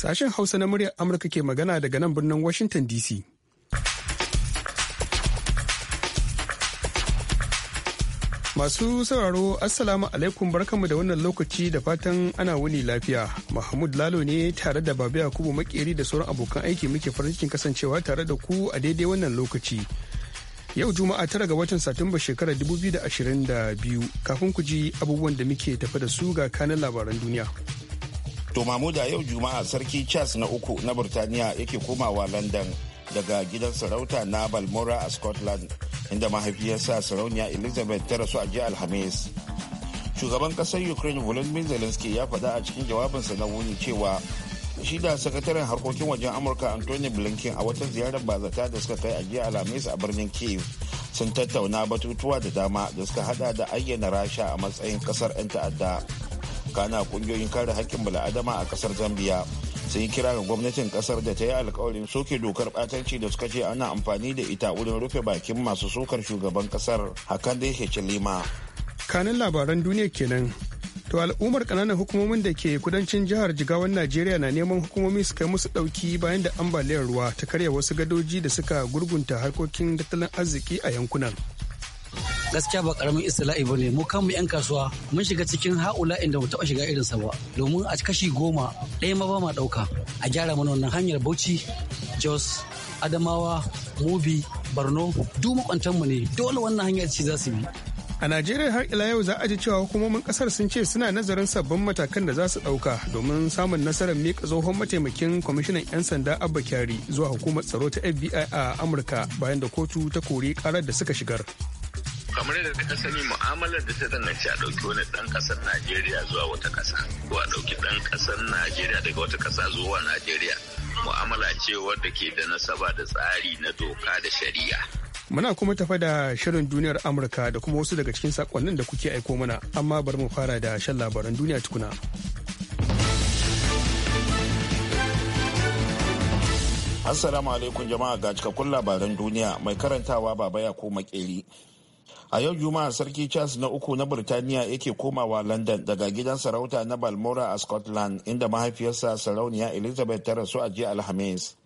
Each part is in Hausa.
Sashen Hausa na muryar Amurka ke magana daga nan birnin Washington DC. Masu sauraro Assalamu alaikum barkanmu da wannan lokaci da fatan ana wuni lafiya. Mahmud Lalo ne tare da Babu Yakubu Makeri da sauran abokan aiki muke farin cikin kasancewa tare da ku a daidai wannan lokaci. Yau Juma'a tara ga watan Satumba shekarar 2022 kafin ku ji abubuwan da muke tafi da su ga kanin labaran duniya. To da yau Juma'a Sarki Charles na uku na Burtaniya yake komawa London daga gidan sarauta na Balmora a Scotland inda mahaifiyarsa sarauniya Elizabeth ta rasu a jiya Alhamis. Shugaban kasar Ukraine Volodymyr Zelensky ya faɗa a cikin jawabinsa na wuni cewa shi da sakataren harkokin wajen Amurka Anthony Blinken a wata ziyarar bazata da suka kai a jiya Alhamis a birnin Kiev sun tattauna batutuwa da dama da suka hada da ayyana Rasha a matsayin kasar 'yan ta'adda. kana kungiyoyin kare hakkin bala'adama a kasar zambia sun yi kira ga gwamnatin kasar da ta yi alkawarin soke dokar batanci da suka ce ana amfani da ita wurin rufe bakin masu sokar shugaban kasar hakan da yake lima kanin labaran duniya kenan to al'ummar kananan hukumomin da ke kudancin jihar jigawan najeriya na neman hukumomi su kai musu dauki bayan da ambaliyar ruwa ta karya wasu gadoji da suka gurgunta harkokin tattalin arziki a yankunan gaskiya ba karamin istila'i ba ne mu kanmu 'yan kasuwa mun shiga cikin ha'ula inda mu taɓa shiga irin irinsa ba domin a kashi goma ɗaya ma ba ma ɗauka a gyara mana wannan hanyar bauchi jos adamawa mubi borno duk mu ne dole wannan hanyar ce za su bi A Najeriya har ila yau za a ji cewa hukumomin kasar sun ce suna nazarin sabbin matakan da za su ɗauka domin samun nasarar miƙa tsohon mataimakin kwamishinan 'yan sanda Abba Kyari zuwa hukumar tsaro ta FBI a Amurka bayan da kotu ta kori karar da suka shigar. kamar yadda ka sani mu'amalar da ta danganci a dauki wani ɗan ƙasar najeriya zuwa wata ƙasa ko a ɗauki ɗan ƙasar najeriya daga wata ƙasa zuwa najeriya mu'amala ce wadda ke da nasaba da tsari na doka da shari'a Muna kuma tafa da shirin duniyar Amurka da kuma wasu daga cikin sakonnin da kuke aiko mana, amma bari mu fara da shan labaran duniya tukuna. Assalamu alaikum jama'a ga cikakkun labaran duniya mai karantawa baba ya ko makeri. a yau juma'a sarki charles na uku na birtaniya yake komawa london daga gidan sarauta na balmora a scotland inda mahaifiyarsa sarauniya elizabeth ta rasu a jiya alhamis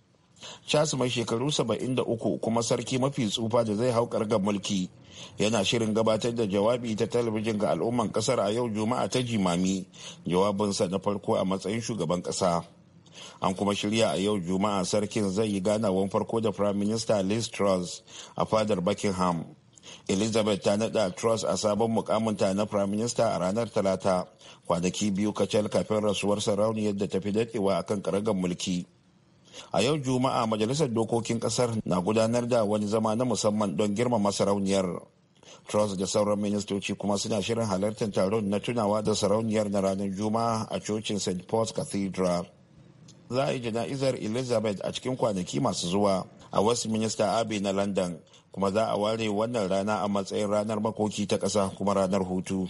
charles mai shekaru 73 kuma sarki mafi tsufa da zai hau kargar mulki yana shirin gabatar da jawabi ta talabijin ga al'umman kasar a yau juma'a ta jimami jawabinsa na farko a matsayin shugaban kasa an kuma shirya a yau juma'a sarkin zai yi ganawan farko da prime minister liz truss a fadar buckingham elizabeth ta naɗa truss a sabon mukaminta na prime minister a ranar talata kwanaki biyu kacal kafin rasuwar sarauniyar da ta fi a kan karagar mulki a yau juma'a majalisar dokokin kasar na gudanar da wani zama na musamman don girmama sarauniyar truss da sauran ministoci kuma suna shirin halartar taron na tunawa da sarauniyar na ranar juma'a a cocin st paul's cathedral za a yi jana'izar elizabeth a cikin kwanaki masu zuwa a westminster abbey na london kuma za a ware wannan rana a matsayin ranar makoki ta ƙasa kuma ranar hutu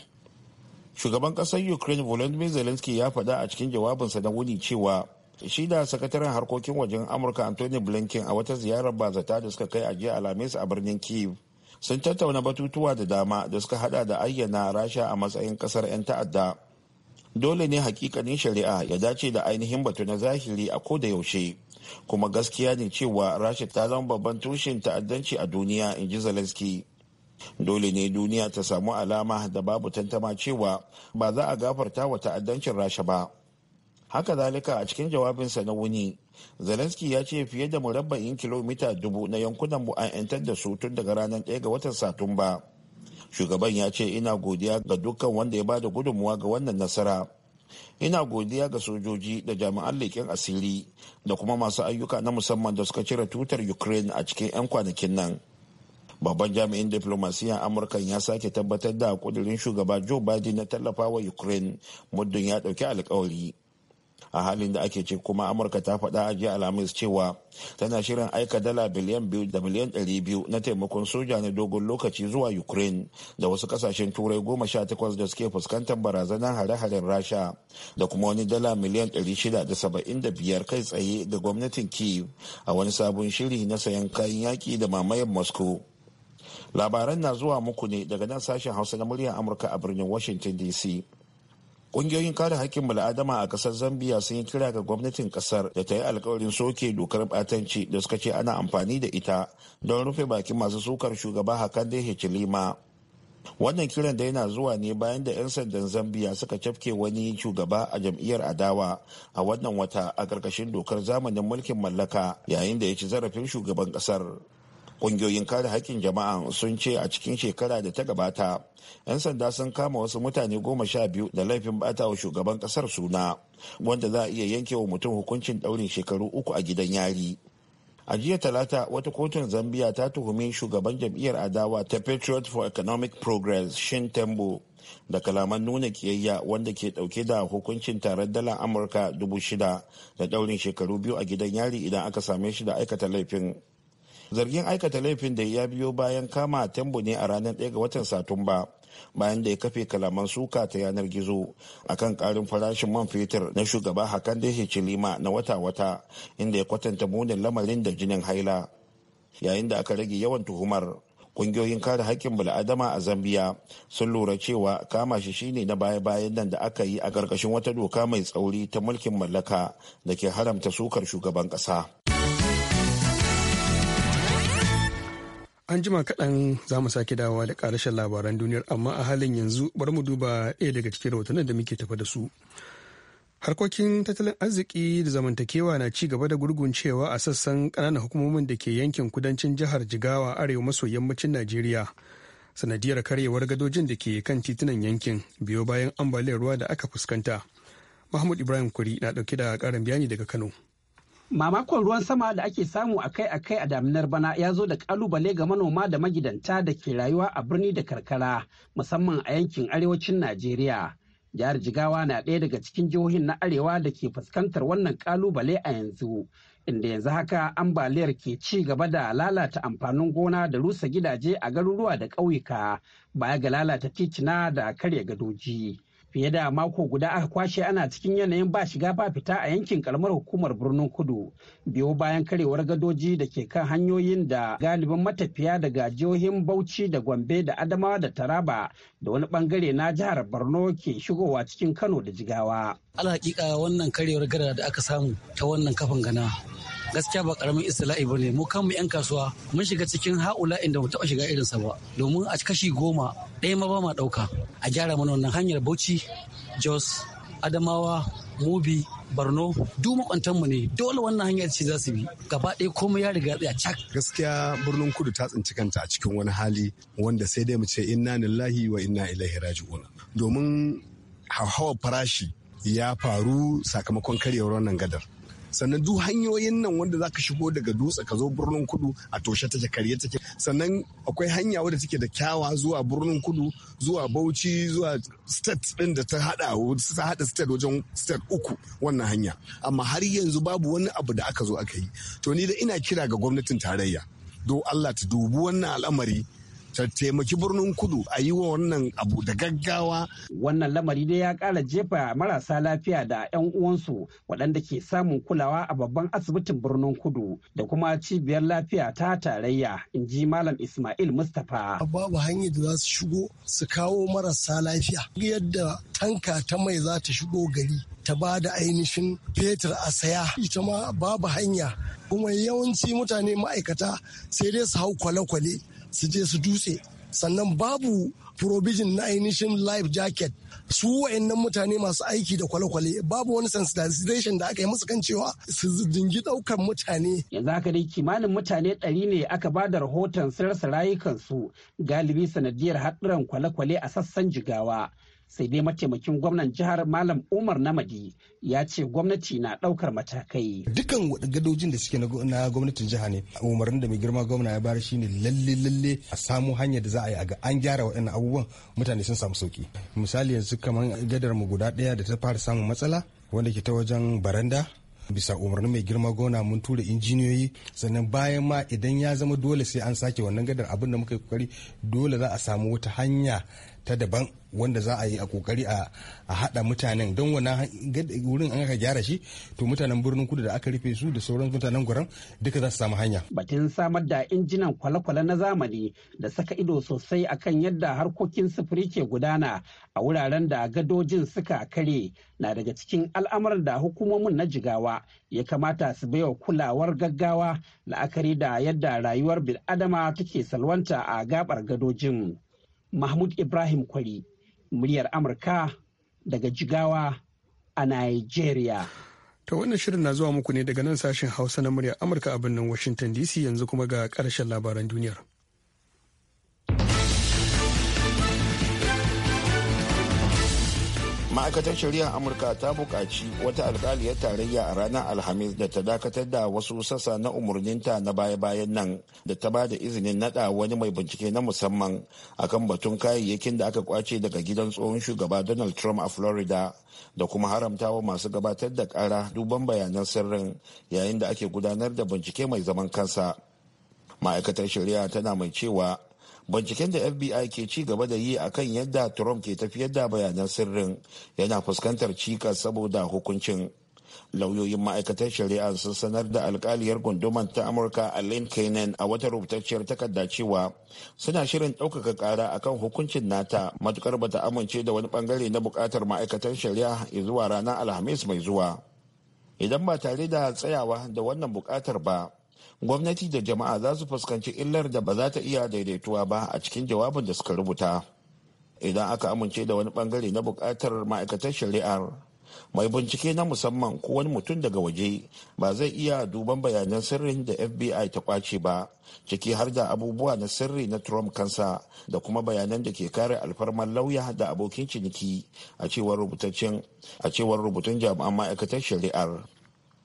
shugaban ƙasar ukraine volodymyr zelensky ya faɗa a cikin jawabinsa na wuni cewa shi da sakataren harkokin wajen amurka anthony blinken a wata ziyarar bazata da suka kai a alhamis a birnin kiev sun tattauna batutuwa da dama da suka hada da ayyana rasha a matsayin kasar 'yan ta'adda dole ne hakikanin shari'a ya dace da ainihin batu na zahiri a ko da yaushe kuma gaskiya ne cewa rasha ta zama babban tushen ta'addanci a duniya in ji zelensky dole ne duniya ta samu alama da babu tantama cewa ba za a gafarta wa ta'addancin rasha ba haka zalika a cikin jawabinsa na wuni zelensky ya ce fiye da murabba'in kilomita dubu na yankunan mu an 'yantar da su tun daga ranar 1 ga watan satumba shugaban ya ce ina godiya ga dukkan wanda ya bada gudunmuwa ga wannan nasara ina godiya ga sojoji da jami'an leƙen asiri da kuma masu ayyuka na musamman da suka cire tutar ukraine a cikin 'yan kwanakin nan babban jami'in diplomasiyya amurka ya sake tabbatar da kudirin shugaba joe biden na tallafa wa ukraine muddin ya dauki alkawari a halin da ake ce kuma amurka ta faɗa a jiya alhamis cewa tana shirin aika dala biliyan biyu da miliyan ɗari biyu na taimakon soja na dogon lokaci zuwa ukraine da wasu kasashen turai goma sha takwas da suke fuskantar barazanar hare-haren rasha da kuma wani dala miliyan ɗari shida da saba'in da biyar kai tsaye da gwamnatin kiev a wani sabon shiri na sayan kayan yaki da mamayen moscow labaran na zuwa muku ne daga nan sashen hausa na muryar amurka a birnin washington dc Ƙungiyoyin kare hakkin bala'adama a ƙasar Zambia sun yi kira ga gwamnatin ƙasar da ta yi alkawarin soke dokar batanci da suka ce ana amfani da ita don rufe bakin masu sukar shugaba Hakande hecilima Wannan kiran da yana zuwa ne bayan da 'yan sandan Zambia suka cafke wani shugaba a jam'iyyar adawa a wannan wata a karkashin dokar zamanin mulkin mallaka yayin da ya ci zarafin shugaban ƙasar. Ƙungiyoyin kare haƙƙin jama'a sun ce a cikin shekara da ta gabata, 'yan sanda sun kama wasu mutane goma sha biyu da laifin bata wa shugaban ƙasar suna, wanda za a iya yanke wa mutum hukuncin ɗaurin shekaru uku a gidan yari. A jiya talata wata kotun Zambiya ta tuhumi shugaban jam'iyyar adawa ta Patriot for Economic Progress Shin Tembo da kalaman nuna kiyayya wanda ke dauke da hukuncin tarar dala Amurka dubu shida da daurin shekaru biyu a gidan yari idan aka same shi da aikata laifin. zargin aikata laifin da ya biyo bayan kama tembo ne a ranar 1 ga watan satumba bayan da ya kafe kalaman suka ta yanar gizo akan karin farashin man fetur na shugaba hakan da lima na wata-wata inda ya kwatanta munin lamarin da jinin haila yayin da aka rage yawan tuhumar kungiyoyin kare haƙƙin bil'adama a zambia sun lura cewa kama shi shine na baya-bayan nan da aka yi a ƙarƙashin wata doka mai tsauri ta mulkin mallaka da ke haramta sukar shugaban ƙasa. An jima kaɗan za mu sake dawowa da ƙarashen labaran duniyar amma a halin yanzu bari mu duba ɗaya daga cikin rahotannin da muke tafa da su. Harkokin tattalin arziki da zamantakewa na ci gaba da gurguncewa a sassan ƙananan hukumomin da ke yankin kudancin jihar Jigawa arewa maso yammacin Najeriya. Sanadiyar karyewar gadojin da ke kan titunan yankin biyo bayan ambaliyar ruwa da aka fuskanta. Mahmud Ibrahim Kuri na ɗauke da ƙarin bayani daga Kano. mamakon ruwan sama da ake samu akai-akai a daminar bana ya zo da kalubale ga manoma da magidanta da ke rayuwa a birni da karkara musamman a yankin arewacin najeriya jihar jigawa na ɗaya daga cikin jihohin na arewa da ke fuskantar wannan kalubale a yanzu inda yanzu haka ambaliyar ke ci gaba da lalata amfanin gona da rusa gidaje a garuruwa da ƙauyuka baya ga lalata titina da karya gadoji fiye da mako guda aka kwashe ana cikin yanayin ba shiga ba fita a yankin karamar hukumar birnin kudu biyo bayan karewar gadoji da ke kan hanyoyin da galibin matafiya daga jihohin bauchi da gombe da adamawa da taraba da wani bangare na jihar borno ke shigowa cikin kano da jigawa alhakika wannan karewar gada da aka samu ta wannan kafin gana gaskiya ba karamin istila'i ne mu kanmu yan kasuwa mun shiga cikin haula inda mu taba shiga irin irinsa ba domin a kashi goma ɗaya ma ba ma ɗauka a gyara mana wannan hanyar bauchi jos adamawa mubi barno duk mu ne dole wannan hanyar ce za su bi gaba ɗaya komai ya riga ya cak gaskiya birnin kudu ta tsinci kanta a cikin wani hali wanda sai dai mu ce inna lillahi wa inna ilaihi raji'un domin hauhawar farashi ya faru sakamakon karyewar wannan gadar sannan duk hanyoyin nan wanda za ka shigo daga dutse ka zo birnin kudu a toshe take karye take sannan akwai hanya wadda take da kyawa zuwa birnin kudu zuwa bauchi zuwa state din da ta hada ta hada state wajen state uku wannan hanya amma har yanzu babu wani abu da aka zo aka yi to ni da ina kira ga gwamnatin tarayya do Allah ta dubi wannan al'amari ta taimaki birnin kudu a yi wa wannan abu da gaggawa. Wannan lamari dai ya kara jefa marasa lafiya da 'yan uwansu waɗanda ke samun kulawa a babban asibitin birnin kudu da kuma cibiyar lafiya ta tarayya in ji Malam Ismail Mustapha. Babu hanyar da za su shigo su kawo marasa lafiya. Yadda tanka ta mai za ta shigo gari ta ba da ainihin fetur a saya ita ma babu hanya kuma yawanci mutane ma'aikata sai dai su hau kwale-kwale su je su dutse sannan babu provision na ainihin life jacket su wa'annan mutane masu aiki da kwale-kwale babu wani sensitization da aka yi musu kan cewa su dingi daukan mutane. Yanzu haka dai kimanin mutane ɗari ne aka ba da rahoton sirarsa rayukansu galibi sanadiyar haɗuran kwale-kwale a sassan jigawa sai dai mataimakin gwamnan jihar malam umar namadi ya ce gwamnati na daukar matakai dukan gadojin da suke na gwamnatin jiha ne umarnin da mai girma gwamna ya shi ne lalle lalle a samu hanyar da za a yi a ga an gyara waɗannan abubuwan mutane sun samu sauki misali yanzu kamar gadar mu guda ɗaya da ta fara samun matsala wanda ke ta wajen baranda bisa umarnin mai girma gona mun tura injiniyoyi sannan bayan ma idan ya zama dole sai an sake wannan gadar abin da muka yi kokari dole za a samu wata hanya ta daban wanda za a yi a kokari a hada mutanen don wani wurin an aka gyara shi to mutanen birnin kudu da aka rufe su da sauran mutanen guran duka za su samu hanya batun samar da injinan kwale-kwale na zamani da saka ido sosai akan yadda harkokin sufuri ke gudana a wuraren da gadojin suka kare na daga cikin al'amuran da hukumomin na jigawa ya kamata su baiwa kulawar gaggawa la'akari da yadda rayuwar bil'adama take salwanta a gabar gadojin Mahmud Ibrahim Kwari, muryar Amurka daga Jigawa a Nigeria. Ta wannan shirin na zuwa muku ne daga nan sashen Hausa na muryar Amurka a birnin Washington DC yanzu kuma ga ƙarshen labaran duniyar. ma'aikatar shari'ar amurka ta buƙaci wata alƙaliyar tarayya a ranar alhamis da ta dakatar da wasu sassa na umarninta na baya-bayan nan da ta ba da izinin naɗa wani mai bincike na musamman akan batun kayayyakin da aka kwace daga gidan tsohon shugaba donald trump a florida da kuma haramtawa masu gabatar da kara duban bayanan sirrin yayin da ake gudanar da bincike mai zaman kansa ma'aikatar shari'a tana mai cewa binciken da fbi ke ci gaba da yi akan yadda trump ke tafiyar da bayanan sirrin yana fuskantar cikas saboda hukuncin lauyoyin ma'aikatar shari'a sun sanar da alkaliyar gundumar ta amurka a lincoln a wata rubutacciyar takarda cewa suna shirin ɗaukaka ƙara akan hukuncin nata matukar bata amince da wani bangare na buƙatar ma'aikatar shari'a zuwa ranar alhamis mai zuwa idan ba tare da tsayawa da wannan buƙatar ba gwamnati da jama'a za su fuskanci illar da ba za ta iya daidaituwa ba a cikin jawabin da suka rubuta idan aka amince da wani bangare na bukatar ma'aikatar shari'ar mai bincike na musamman ko wani mutum daga waje ba zai iya duban bayanan sirrin da fbi ta kwace ba ciki har da abubuwa na sirri na trump kansa da kuma bayanan da ke kare alfarmar lauya da abokin ciniki a cewar rubutun jami'an ma'aikatar shari'ar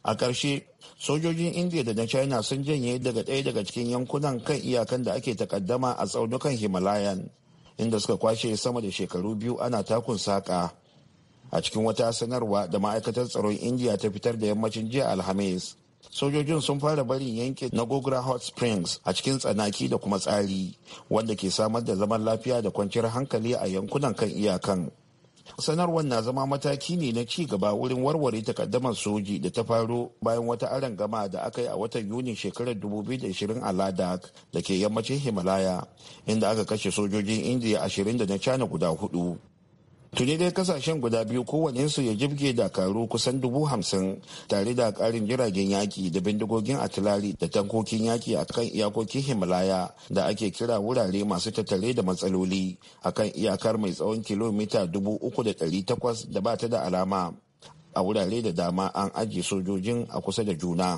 a ƙarshe sojojin india da na china sun janye daga ɗaya daga cikin yankunan kan iyakan da ake takaddama a tsaunukan himalayan inda suka kwashe sama da shekaru biyu ana takun saƙa a cikin wata sanarwa da ma'aikatar tsaron india ta fitar da yammacin jiya alhamis sojojin sun fara barin yanke na gogra hot springs a cikin tsanaki da kuma tsari wanda ke samar da zaman lafiya da kwanciyar hankali a yankunan kan iyakan sanarwar na zama mataki ne na ci gaba wurin warware takaddamar soji da ta faru bayan wata gama da aka yi a watan yunin shekarar 2020 a ladak da ke yammacin himalaya inda aka kashe sojojin indiya ashirin da na cana guda hudu tuni dai kasashen guda biyu kowanensu ya jibge dakaru kusan dubu hamsin tare da karin jiragen yaki da bindigogin atilari da tankokin yaki a kan iyakokin himalaya da ake kira wurare masu tattare da matsaloli a kan iyakar mai tsawon kilomita dubu uku da ɗari takwas da ba ta da alama a wurare da dama an ajiye sojojin a kusa da juna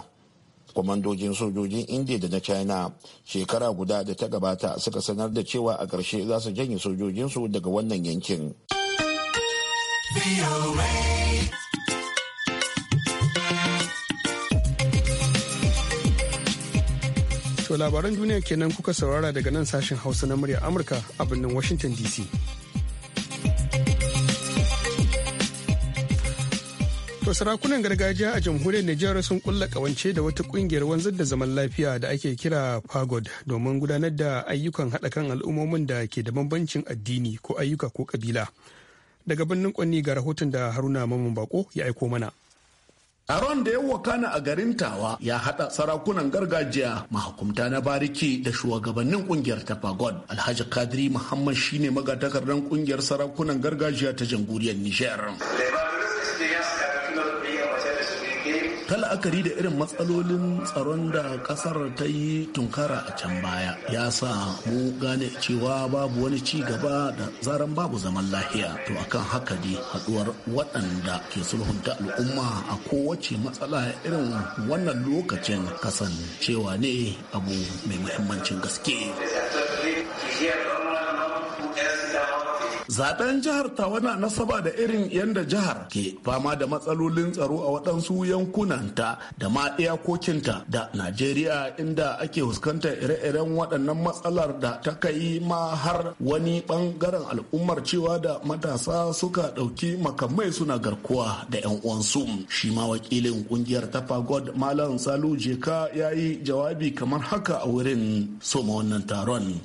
kwamandojin sojojin india da na china shekara guda da ta gabata suka sanar da cewa a karshe za su janye sojojinsu daga wannan yankin. To labaran duniya kenan kuka saurara daga nan sashen Hausa na murya Amurka a birnin Washington DC. To sarakunan gargajiya a jamhuriyar Nijar sun kulla kawance da wata kungiyar wanzar da zaman lafiya da ake kira Pagod domin gudanar da ayyukan haɗa kan al'ummomin da ke da bambancin addini ko ayyuka ko ƙabila. daga birnin kwanni ga rahoton da haruna mamman bako ya aiko mana aron da ya wakana a garin Tawa ya hada sarakunan gargajiya mahakumta na bariki da shugabannin kungiyar fagod Alhaji Kadiri Muhammad shine magatakardan kungiyar sarakunan gargajiya ta jamhuriyar Nijar. ta la'akari da irin matsalolin tsaron da kasar ta yi tunkara a can baya ya sa mu gane cewa babu wani ci gaba da zaran babu zaman lahiya to akan haka ne haduwar waɗanda ke sulhunta al'umma a kowace matsala irin wannan lokacin kasancewa ne abu mai muhimmancin gaske. zaben jihar ta wani nasaba da irin yadda jihar ke fama da matsalolin tsaro a waɗansu ta da ma iyakokinta da najeriya inda ake fuskantar ire-iren waɗannan matsalar da ta kai ma har wani ɓangaren al'ummar cewa da matasa suka ɗauki makamai suna garkuwa da 'yan uwansu shi ma wakilin ƙungiyar tafagod malam salu jeka ya yi jawabi kamar haka a wurin soma wannan taron.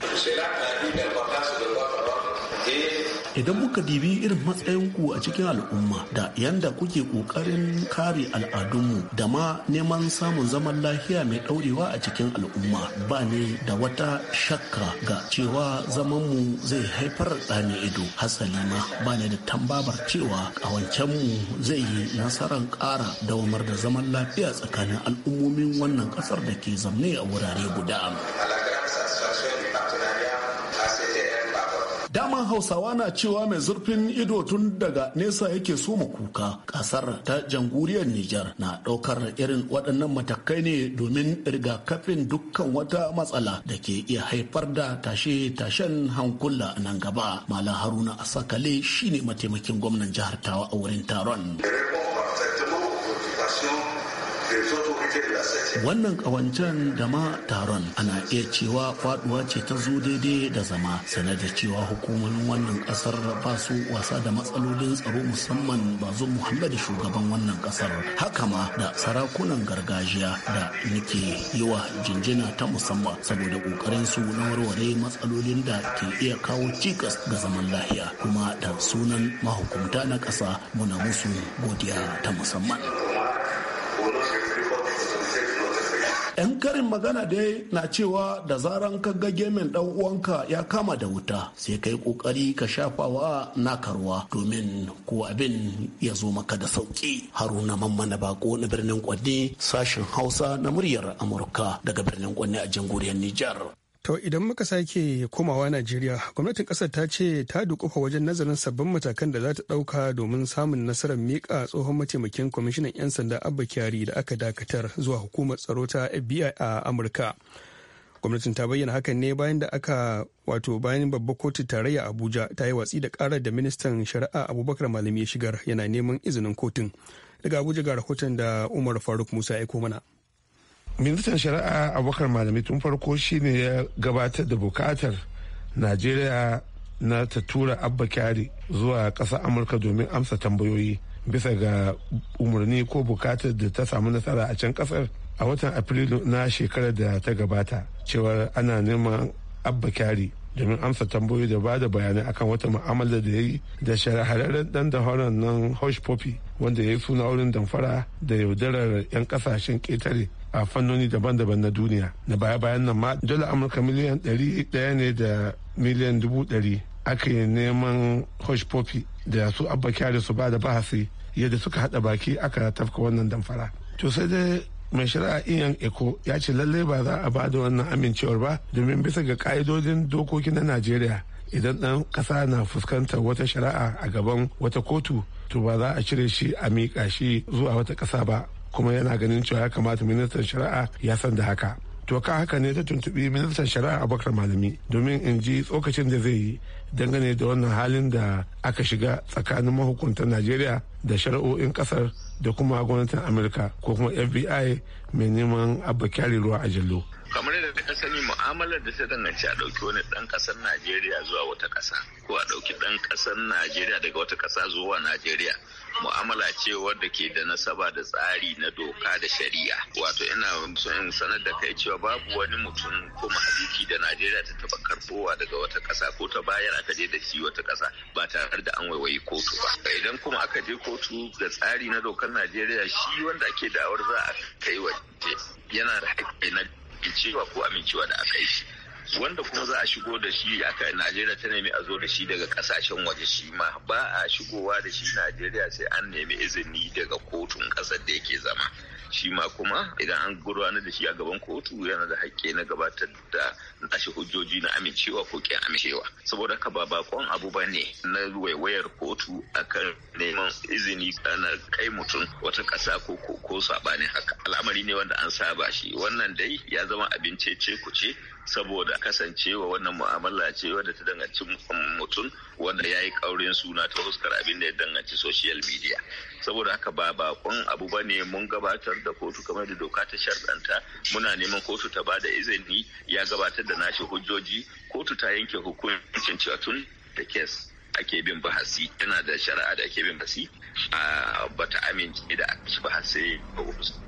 idan muka dibi irin matsayinku a cikin al'umma da yanda kuke ƙoƙarin kare al'adunmu da ma neman samun zaman lafiya mai ɗaurewa a cikin al'umma ba ne da wata shakka ga cewa zamanmu zai haifar da ido hasali ma ba ne da tambabar cewa ƙawancenmu zai yi nasarar ƙara dawamar da zaman lafiya tsakanin al'ummomin wannan ƙasar da ke zamne a wurare guda. Malaman Hausawa na cewa mai zurfin ido tun daga nesa yake so mu kuka. Kasar ta jamhuriyar Nijar na ɗaukar irin waɗannan matakai ne domin rigakafin dukkan wata matsala da ke iya haifar da tashe-tashen hankula nan gaba. Malam Haruna Asakale shine mataimakin gwamnan jihar Tawa a wurin taron. Wannan ƙawancen da ma taron ana iya cewa faduwa ce ta zo daidai da zama sana da cewa hukumomin wannan ƙasar ba su wasa da matsalolin tsaro musamman ba zo Muhammad shugaban wannan ƙasar haka ma da sarakunan gargajiya da nake yi wa jinjina ta musamman saboda ƙoƙarin su na warware matsalolin da ke iya kawo cikas ga zaman lafiya kuma da sunan mahukunta na ƙasa muna musu godiya ta musamman. 'yan karin magana dai na cewa da zaran ka ga gemin dan uwanka ya kama da wuta sai kai kokari ka shafawa na karuwa domin ko abin ya zo maka da sauki haruna na bako na birnin kwanne sashen hausa na muryar amurka daga birnin kwanne a jamhuriyar nijar To idan muka sake komawa Najeriya, gwamnatin kasar ta ce ta dukufa wajen nazarin sabbin matakan da za ta ɗauka domin samun nasarar miƙa tsohon mataimakin kwamishinan 'yan sanda Abba Kyari da aka dakatar zuwa hukumar tsaro ta FBI a Amurka. Gwamnatin ta bayyana hakan ne bayan da aka wato bayan babbar kotu tarayya Abuja ta yi watsi da karar da ministan shari'a Abubakar Malami ya shigar yana neman izinin kotun. Daga Abuja ga rahoton da Umar Faruk Musa ya mana. ministan shari'a abubakar malami tun farko shine ya gabatar da bukatar najeriya na ta tura abba kyari zuwa ƙasar amurka domin amsa tambayoyi bisa ga umarni ko bukatar da ta samu nasara a can ƙasar a watan afrilu na shekarar da ta gabata cewar ana neman abba kyari domin amsa tambayoyi da bada bayanai akan wata mu'amala da ya yi da shahararren dan da horon nan hush poppy wanda ya yi suna wurin damfara da yaudarar 'yan kasashen ketare a fannoni daban-daban na duniya na baya-bayan nan ma dala amurka miliyan ɗari ɗaya ne da miliyan dubu ɗari aka neman hush poppy da su abba kyari su ba da bahasi yadda suka haɗa baki aka tafka wannan damfara to sai dai mai shari'a iyan eko ya ce lallai ba za a ba da wannan amincewar ba domin bisa ga ka'idodin dokoki na najeriya idan ɗan ƙasa na fuskantar wata shari'a a gaban wata kotu to ba za a cire shi a miƙa shi zuwa wata ƙasa ba kuma yana ganin cewa ya kamata ministan shari'a ya san da haka to ka haka ne ta tuntubi ministan shari'a a abubakar malami domin in ji tsokacin da zai yi dangane da wannan halin da aka shiga tsakanin mahukuntan najeriya da shari'o'in kasar da kuma gwamnatin amurka ko kuma fbi mai neman abu kyari ruwa a jallo kamar yadda ka sani mu'amalar da ta danganci a ɗauki wani ɗan ƙasar najeriya zuwa wata ƙasa ko a ɗauki ɗan ƙasar najeriya daga wata kasa zuwa najeriya mu'amala ce wadda ke da nasaba da tsari na doka da shari'a wato ina son in sanar da kai cewa babu wani mutum ko mahaliki da najeriya ta taba karbowa daga wata kasa ko ta bayar aka je da shi wata kasa ba tare da an waiwayi kotu ba idan kuma aka je kotu da tsari na dokar najeriya shi wanda ake da'awar za a kai waje yana da haƙƙi na cewa ko amincewa da aka yi wanda kuma za a shigo da shi a najeriya ta nemi a zo da shi daga kasashen waje shi ma ba a shigowa da shi najeriya sai an nemi izini daga kotun kasar da yake zama shi ma kuma idan an gurwana da shi a gaban kotu yana da haƙƙi na gabatar da nashi hujjoji na amincewa ko ƙin amincewa saboda haka ba bakon abu ba ne na waiwayar kotu akan neman izini na kai mutum wata ƙasa ko ko saɓanin haka al'amari ne wanda an saba shi wannan dai ya zama abin ce ku ce saboda kasancewa wannan mu'amala ce wadda ta danganci mutum wanda ya yi ƙaurin suna ta huskar abin da ya danganci social media saboda haka ba bakon abu ba ne mun gabatar da kotu kamar da doka ta sharɗanta muna neman kotu ta bada izini ya gabatar da nashi hujjoji kotu ta yanke hukuncin cewa tun da kes ake bin bahasi tana da shari'a da ake bin bahasi a bata amince da ake bahasi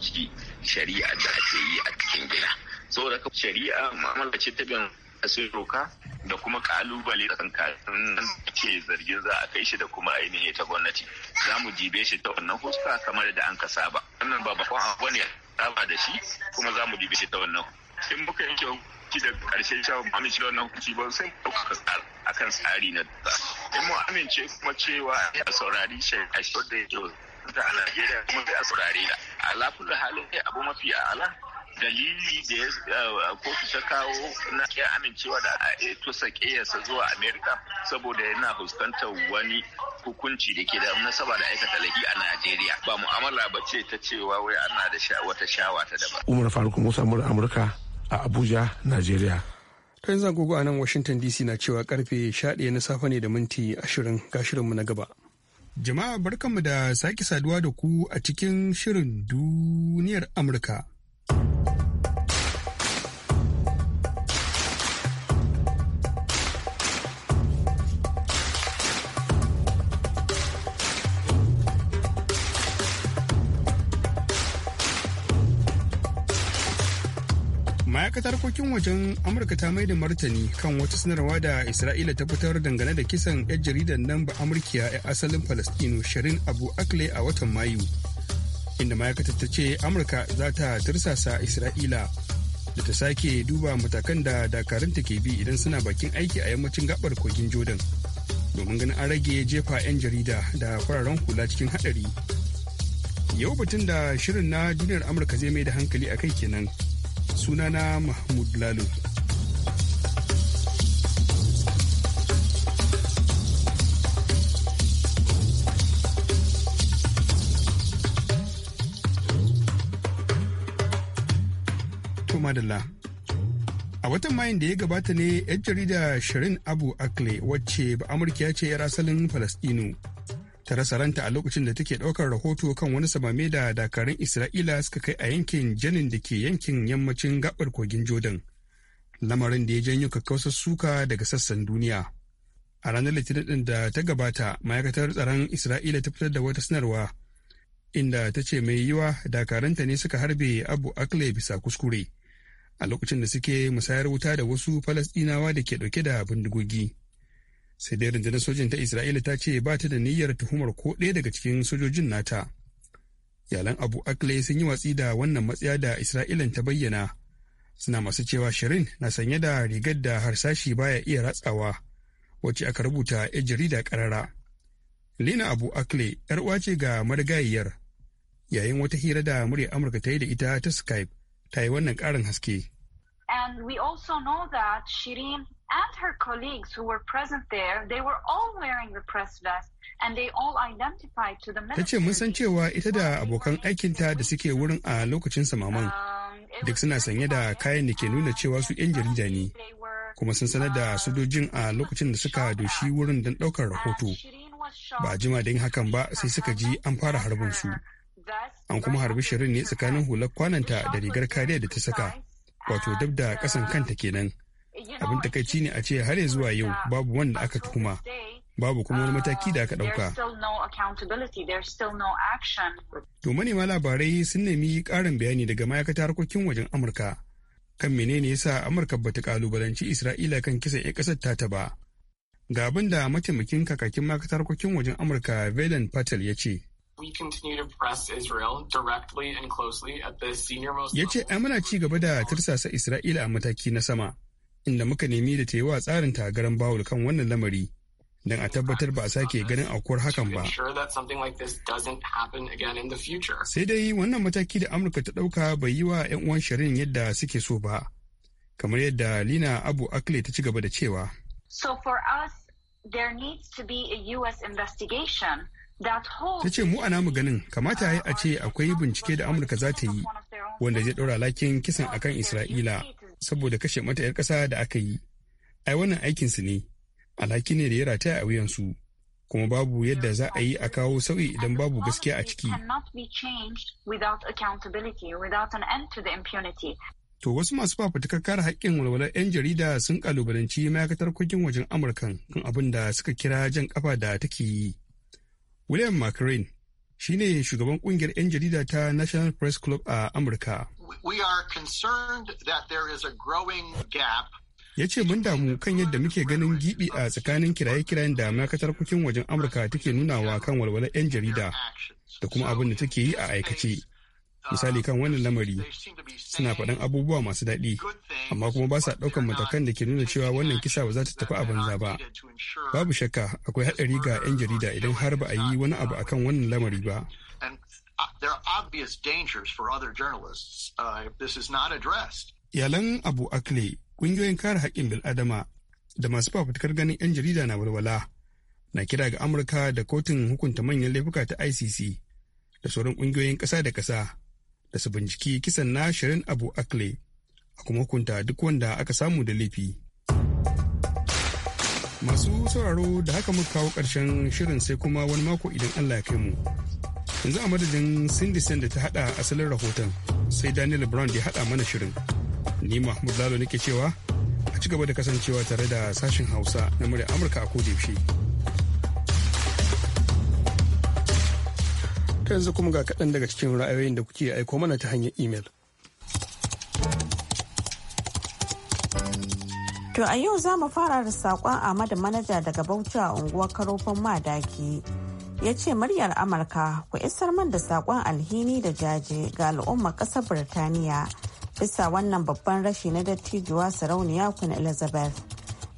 ciki shari'a da ake yi a cikin gida saboda ka shari'a mu'amala ce ta bin asirin roka da kuma kalubale da kankanin ke zargin za a kai shi da kuma ainihin ta gwamnati za mu jibe shi ta wannan huska kamar da an ka saba wannan ba bakon abuwa ne saba da shi kuma za mu jibe shi ta wannan in muka kyau ki da karshe cewa mu amince da wannan hukunci ba sai mu ɗauka akan tsari na da in mu amince kuma cewa ya saurari A shi da yake ta a Najeriya kuma sai a saurare A ala da halin abu mafi ala dalili da ya uh, uh, kotu ta kawo na ya amincewa da a tusa kiyasa zuwa amerika saboda yana fuskantar wani hukunci da ke da nasaba da aikata laifi a najeriya ba mu'amala ba ce ta cewa wai ana da wata shawa ta daban umar faruk musa mura amurka a abuja najeriya ta yanzu agogo a nan washington dc na cewa karfe 11 na safe ne da minti 20 ga shirinmu na gaba jama'a barkanmu da sake saduwa da ku a cikin shirin duniyar amurka ma'aikatar harkokin wajen amurka ta mai da martani kan wata sanarwa da isra'ila ta fitar dangane da kisan 'yan jaridan nan ba amurkiya 'yan asalin palestino shirin abu akle a watan mayu inda ma'aikatar ta ce amurka za ta tursasa isra'ila da ta sake duba matakan da dakarunta ke bi idan suna bakin aiki a yammacin gabar kogin jordan domin ganin an rage jefa 'yan jarida da fararen hula cikin haɗari. yau batun da shirin na duniyar amurka zai mai da hankali a kai kenan sunana mahmud lalo madalla a watan mayan da ya gabata ne 'yan jarida shirin abu akle wacce ba amurka ya ce yar asalin Falasɗinu ta rasa ranta a lokacin da take ɗaukar rahoto kan wani samame da dakarun isra'ila suka kai a yankin janin da ke yankin yammacin gabar kogin jordan lamarin da ya janyo kakkausar suka daga sassan duniya a ranar litinin din da ta gabata ma'aikatar tsaron isra'ila ta fitar da wata sanarwa inda ta ce mai yiwa dakaranta ne suka harbe abu akle bisa kuskure a lokacin da suke musayar wuta da wasu falasɗinawa da ke ɗauke da bindigogi sai dai rundunar sojin ta isra'ila ta ce ba ta da niyyar tuhumar ko ɗaya daga cikin sojojin nata yalan abu akle sun yi watsi da wannan matsaya da isra'ilan ta bayyana suna masu cewa shirin na sanye da rigar da harsashi baya iya ratsawa wacce aka rubuta a jarida karara lina abu akle yar uwa ce ga marigayiyar yayin wata hira da murya amurka ta yi da ita ta skype ta yi wannan karin haske And we also know that shirin and her colleagues who were present there, they were all wearing the press vest and they all identified to the Tace mun san cewa ita da abokan aikinta da suke wurin a lokacin samaman um, duk suna sanye da kayan da ke nuna cewa su 'yan jarida ne kuma sun sanar da uh, sojojin a lokacin da suka doshi wurin don ɗaukar rahoto. Ba a jima da yin hakan ba sai suka ji an fara harbin su. An kuma harbi shirin ne tsakanin hular kwananta da rigar kariya da ta saka. wato dab da kasan kanta kenan abin takaici ne a ce har zuwa yau babu wanda aka tuhuma babu kuma wani mataki da aka ɗauka. To manema labarai sun nemi ƙarin bayani daga ma'aikatar harkokin wajen Amurka kan menene yasa Amurka bata kalubalanci Isra'ila kan kisan 'yan ƙasar ta ba. Ga abin da mataimakin kakakin ma'aikatar harkokin wajen Amurka Velen Patel ya ce. Ya ce, ai muna ci gaba da tirsasa Isra'ila a mataki na sama, inda muka nemi da ta yi wa tsarin tagaran bawul kan wannan lamari, don a tabbatar ba a sake ganin aukuwar hakan ba. Sai dai wannan mataki da Amurka ta ɗauka bai yi wa 'yan uwan shirin yadda suke so ba, kamar yadda Lina Abu Akle ta ci gaba da cewa. So for us, there needs to be a U.S. investigation. Ta ce mu a namu ganin kamata ya yi a ce akwai bincike da Amurka za ta yi wanda zai ɗora lakin kisan akan Isra'ila saboda kashe mata 'yar ƙasa da aka yi. Ai wannan aikin su ne, alhaki ne da ya rataya a wuyansu, kuma babu yadda za a yi a kawo sauyi idan babu gaskiya a ciki. To wasu masu fafutukar kare haƙƙin walwalar 'yan jarida sun ƙalubalanci mayakatar kogin wajen Amurkan kan abin da suka kira jan ƙafa da take yi. William McRae shi ne shugaban kungiyar 'yan jarida ta National Press Club a Amurka. We are that there is gap ya ce mun damu kan yadda muke ganin gibi a tsakanin kiraye-kirayen da ma'aikatar kukin wajen amurka take nunawa kan walwalar 'yan jarida da kuma abin da take yi a aikace misali kan wannan lamari suna faɗan abubuwa masu daɗi amma kuma ba sa ɗaukan matakan da ke nuna cewa wannan kisa ba za ta tafi a banza ba babu shakka akwai haɗari ga 'yan jarida idan har ba a yi wani abu akan wannan lamari ba uh, uh, iyalan abu akle ƙungiyoyin kare haƙƙin bil'adama da masu fafutukar ganin 'yan jarida na walwala na kira ga amurka da kotun hukunta manyan laifuka ta icc da sauran ƙungiyoyin ƙasa da ƙasa da su binciki kisan na shirin abu akle a kuma hukunta duk wanda aka samu da laifi masu sauraro da haka muka kawo karshen shirin sai kuma wani mako idan allah ya kai mu yanzu a madadin cindy da ta hada asalin rahoton sai daniel brown ya hada mana shirin ni mahmud lalo nake cewa a ci gaba da kasancewa tare da sashen hausa na murya amurka a kodayaushe. yaushe yanzu kuma ga kaɗan daga cikin ra'ayoyin da kuke aiko mana ta hanyar imel. To a yau za mu fara da sakon Ahmadu Manaja daga Bauchi a unguwar Karofin Madaki. Ya ce muryar Amurka ku isar man da saƙon alhini da jaje ga al'ummar ƙasar Birtaniya bisa wannan babban rashi na dattijuwa sarauniya Queen Elizabeth.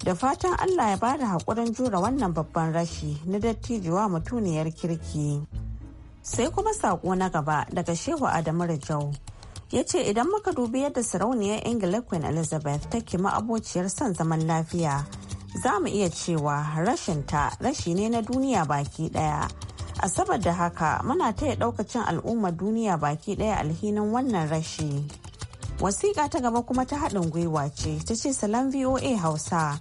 Da fatan Allah ya bada haƙurin jura wannan babban rashi na dattijuwa mutuniyar kirki. sai kuma saƙo na gaba daga shehu adamu rajau ya ce idan muka dubi yadda sarauniyar ingila queen elizabeth ta take ma'abociyar son zaman lafiya za mu iya cewa rashinta rashi ne na duniya baki daya a saboda haka muna yi daukacin al'ummar duniya baki daya alhinin wannan rashi wasiƙa ta gaba kuma ta haɗin gwiwa ce ta ce salon voa hausa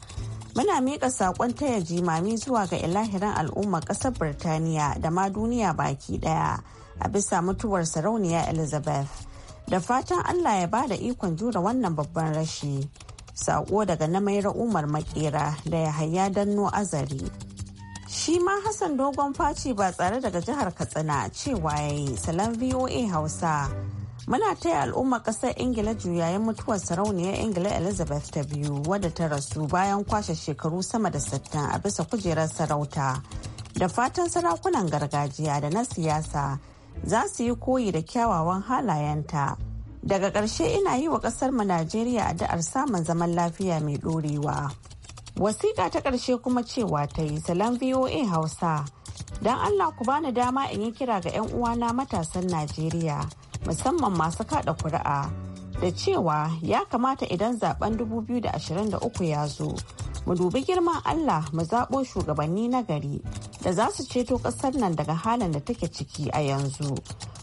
Muna miƙa saƙon taya jimami zuwa ga ilahirin al'ummar ƙasar Birtaniya da ma duniya baki ɗaya a bisa mutuwar sarauniya Elizabeth. Da fatan Allah ya ba da ikon jure wannan babban rashi. Saƙo daga na maira Umar Makera da ya haya danno azari. Shi ma Hassan Dogon Faci ba tsare daga jihar Katsina cewa ya yi salon VOA Hausa. Muna taya al'umma ƙasar Ingila juyayen mutuwar sarauniyar Ingila Elizabeth ta biyu wadda ta rasu bayan kwashe shekaru sama da sittin a bisa kujerar sarauta. Da fatan sarakunan gargajiya da na siyasa za su yi koyi da kyawawan halayenta. Daga ƙarshe ina yi wa ƙasar mu Najeriya addu'ar samun zaman lafiya mai ɗorewa. Wasiƙa ta ƙarshe kuma cewa ta yi salon VOA Hausa. Don Allah ku bani dama in yi kira ga 'yan uwana matasan Najeriya. musamman masu kada kuri'a da cewa ya kamata idan zaben 2023 ya zo mu dubi girman Allah mu zaɓo shugabanni na gari da za su ceto ƙasar nan daga halin da take ciki a yanzu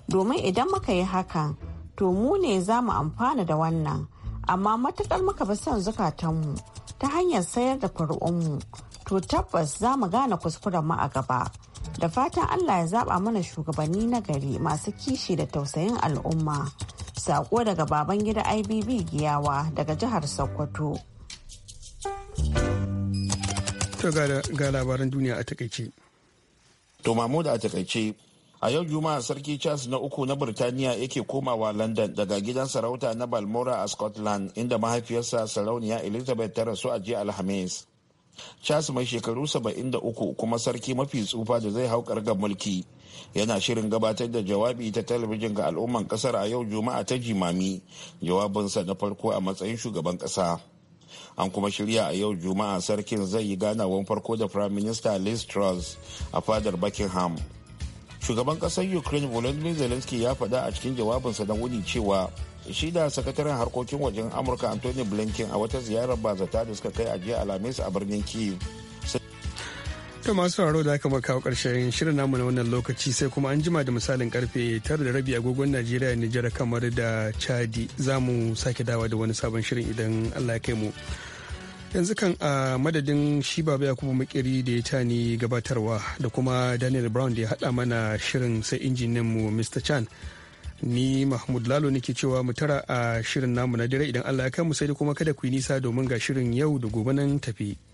domin idan muka yi hakan to mu ne za mu amfana da wannan amma matukar muka bi son zukatanmu ta hanyar sayar da kuri'unmu to tabbas za mu gane kuskuren mu a gaba da fatan allah ya zaba mana shugabanni na gari masu kishi da tausayin al'umma sako daga baban gida ibb giyawa daga jihar sokoto to ga labaran duniya a takaice to mahmud a takaice a yau juma'a sarki charles na uku na birtaniya yake komawa london daga gidan sarauta na balmora a scotland inda mahaifiyarsa sarauniya elizabeth ta rasu a jiya alhamis Charles mai shekaru 73 kuma sarki mafi tsufa da zai haukar ga mulki yana shirin gabatar da jawabi ta talabijin ga al'umman kasar a yau juma'a ta jimami jawabinsa na farko a matsayin shugaban kasa. An kuma shirya a yau juma'a sarkin zai yi ganawan farko da Prime Minister Liz Truss a fadar Buckingham. Shugaban kasar Ukraine Volodymyr Zelensky ya faɗa a cikin jawabinsa na wuni cewa shi da sakataren harkokin wajen amurka anthony blinken a wata ziyarar bazata da suka kai ajiye jiya alhamis a birnin kiye. ta masu haro da aka kawo karshen shirin namu na wannan lokaci sai kuma an jima da misalin karfe tara da rabi agogon najeriya nijar kamar da chadi za mu sake dawa da wani sabon shirin idan allah ya kai mu yanzu kan a madadin shi baba yakubu makiri da ya tani gabatarwa da kuma daniel brown da ya hada mana shirin sai injin mu mr chan ni mahmud lalo nake cewa mu tara a shirin namu na dare idan allah ya kai mu sai kuma kada ku yi nisa domin ga shirin yau da gobe nan tafi